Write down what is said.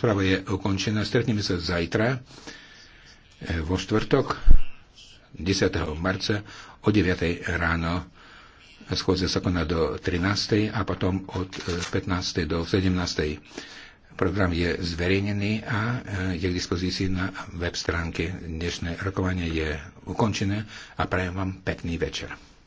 Správa je ukončená. Stretneme sa zajtra eh, vo štvrtok 10. marca o 9. ráno. Schôdza sa koná do 13. a potom od 15. Eh, do 17. Program je zverejnený a eh, je k dispozícii na web stránke. Dnešné rokovanie je ukončené a prajem vám pekný večer.